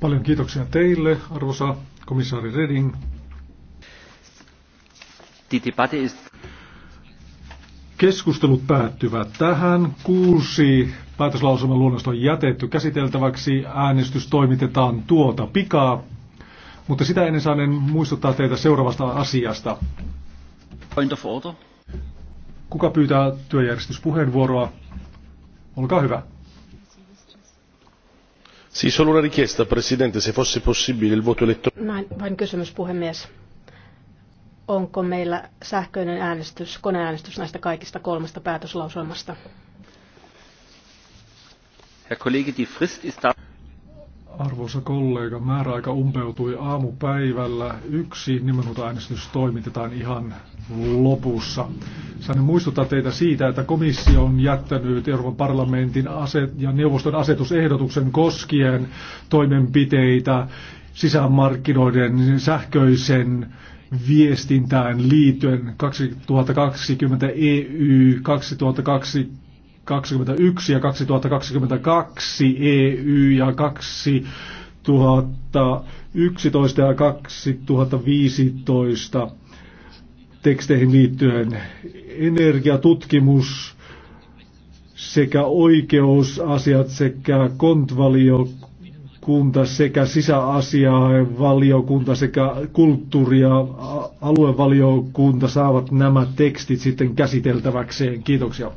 Paljon kiitoksia teille, arvoisa komissaari Reding. Keskustelut päättyvät tähän. Kuusi päätöslausuman luonnosta on jätetty käsiteltäväksi. Äänestys toimitetaan tuota pikaa. Mutta sitä ennen saanen muistuttaa teitä seuraavasta asiasta. Point of order. Kuka pyytää työjärjestyspuheenvuoroa? Olkaa hyvä. Siis una richiesta, presidente, se fosse possibile il voto elettroninen. Onko meillä sähköinen äänestys, koneäänestys näistä kaikista kolmesta päätöslauselmasta? Herr Kollege, die Frist ist da. Arvoisa kollega, määräaika umpeutui aamupäivällä. Yksi nimenhuutoäänestys toimitetaan ihan lopussa. Sain muistuttaa teitä siitä, että komissio on jättänyt Euroopan parlamentin aset ja neuvoston asetusehdotuksen koskien toimenpiteitä sisämarkkinoiden sähköisen viestintään liittyen 2020 EU 2020 2021 ja 2022 EU ja 2011 ja 2015 teksteihin liittyen. Energiatutkimus sekä oikeusasiat sekä kontvaliokunta sekä sisäasiavaliokunta sekä kulttuuri- ja aluevaliokunta saavat nämä tekstit sitten käsiteltäväkseen. Kiitoksia.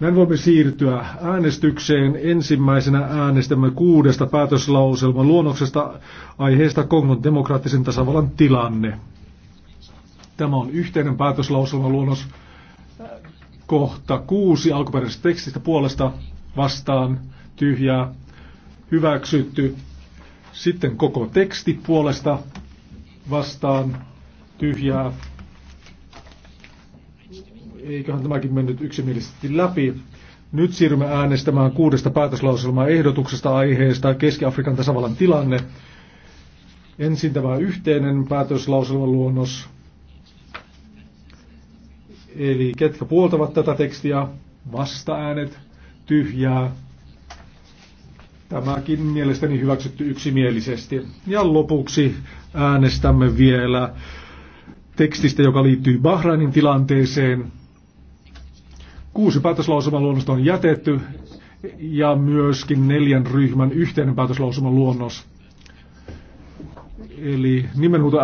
Näin voimme siirtyä äänestykseen. Ensimmäisenä äänestämme kuudesta päätöslauselman luonnoksesta aiheesta Kongon demokraattisen tasavallan tilanne. Tämä on yhteinen päätöslauselma luonnos kohta kuusi alkuperäisestä tekstistä puolesta vastaan tyhjää hyväksytty. Sitten koko teksti puolesta vastaan tyhjää. Eiköhän tämäkin mennyt yksimielisesti läpi. Nyt siirrymme äänestämään kuudesta päätöslauselmaa ehdotuksesta aiheesta Keski-Afrikan tasavallan tilanne. Ensin tämä yhteinen päätöslauselman luonnos Eli ketkä puoltavat tätä tekstiä, vastaäänet, tyhjää. Tämäkin mielestäni hyväksytty yksimielisesti. Ja lopuksi äänestämme vielä tekstistä, joka liittyy Bahrainin tilanteeseen. Kuusi päätöslausuman luonnosta on jätetty ja myöskin neljän ryhmän yhteinen päätöslausuman luonnos. Eli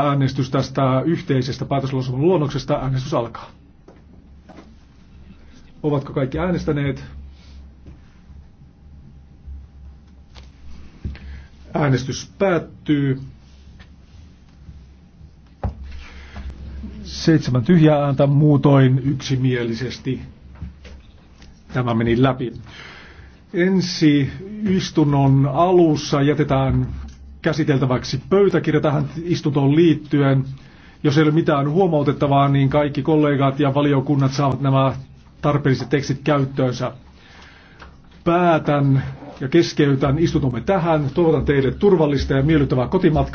äänestys tästä yhteisestä päätöslausuman luonnoksesta äänestys alkaa. Ovatko kaikki äänestäneet? Äänestys päättyy. Seitsemän tyhjää ääntä muutoin yksimielisesti. Tämä meni läpi. Ensi istunnon alussa jätetään käsiteltäväksi pöytäkirja tähän istuntoon liittyen. Jos ei ole mitään huomautettavaa, niin kaikki kollegat ja valiokunnat saavat nämä tarpeelliset tekstit käyttöönsä. Päätän ja keskeytän istutumme tähän. Toivotan teille turvallista ja miellyttävää kotimatkaa.